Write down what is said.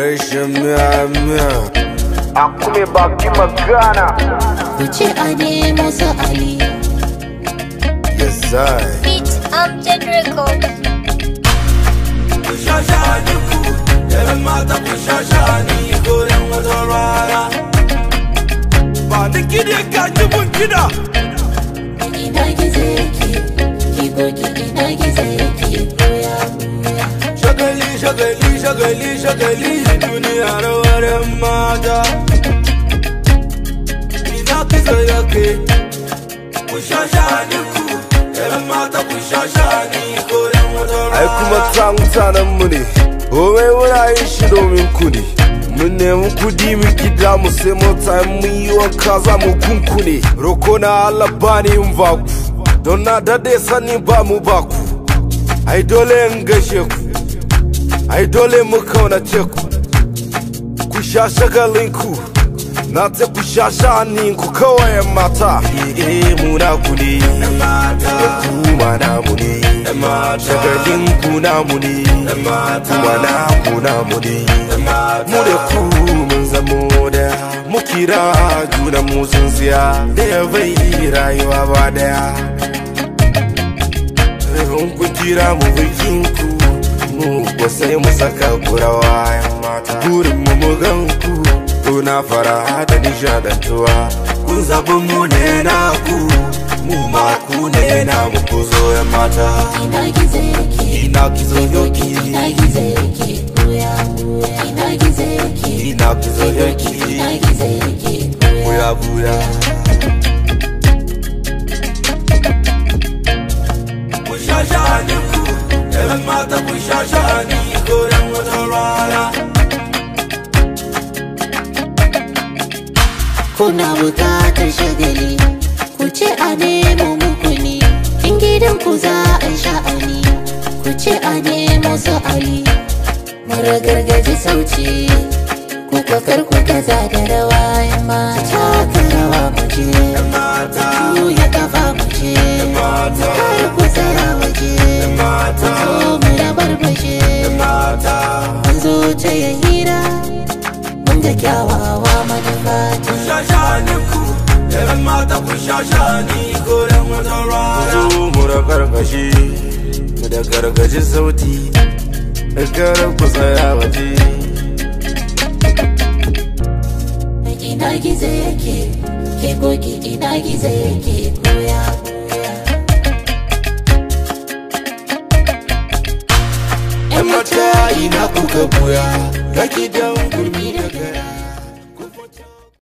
fresh jami'a akume baki magana Kuce ade Musa Ali Yes I Beat Amjad Record Kushashaniku Yaran mata kushashani Goren wazarara Ba da kide ka jibin kida Kidi na gize ki Kigo شغلي شغلي شغلي الدنيا روار مادا إناك زيك وشاشانكو لما تقشاشاني كل مدرعا أي كما تسامو تانا مني هو ولا يشدو من كوني mun nemi kudi mu gida mu sai mota mun yi wanka za mu kunkune roko na Allah bani in baku don na dade sani ba mu baku ai dole in gashe ku ai dole mu kaunace ku ku sha shagalinku na ta ku sha ku kawai mata eh, eh na ku ne kuma na mu ne shagalin ku na mu ne kuma na ku na mu ne mu da ku mun zamo da mu kira juna mu siya. da ya bai rayuwa ba daya kun kira mu ku. mu sai mu saka kurawa burin mu mu gan ku kuna fara da nishadantuwa kun zabi mu ne na ku mu ma ku ne na mu ku zo ya mata ina ki ki ina ki yo ki ina ki ki ina ki ki ina ki yo ki ina ki ki buya buya Yan mata ku sha sha'ani goren wata rana Kuna bukatar shagali Ku ce a nemo muku ne In gidan ku za a sha'ani Ku ce a nemo sa'ali Mara gargaji sauci Ku kakar ku gaza da rawa Yan mata ka rawa mu Yan mata Ku ya kafa ce ya hira mun da kyawawa manufa ku shashani ku yaran mata ku shashani goren wajen rana ku mura karkashi da gargaji sauti da karar ku tsaya waje ina gizo yake ke koki ina gizo yake mata ina kuka buya raki dan gurmi da gara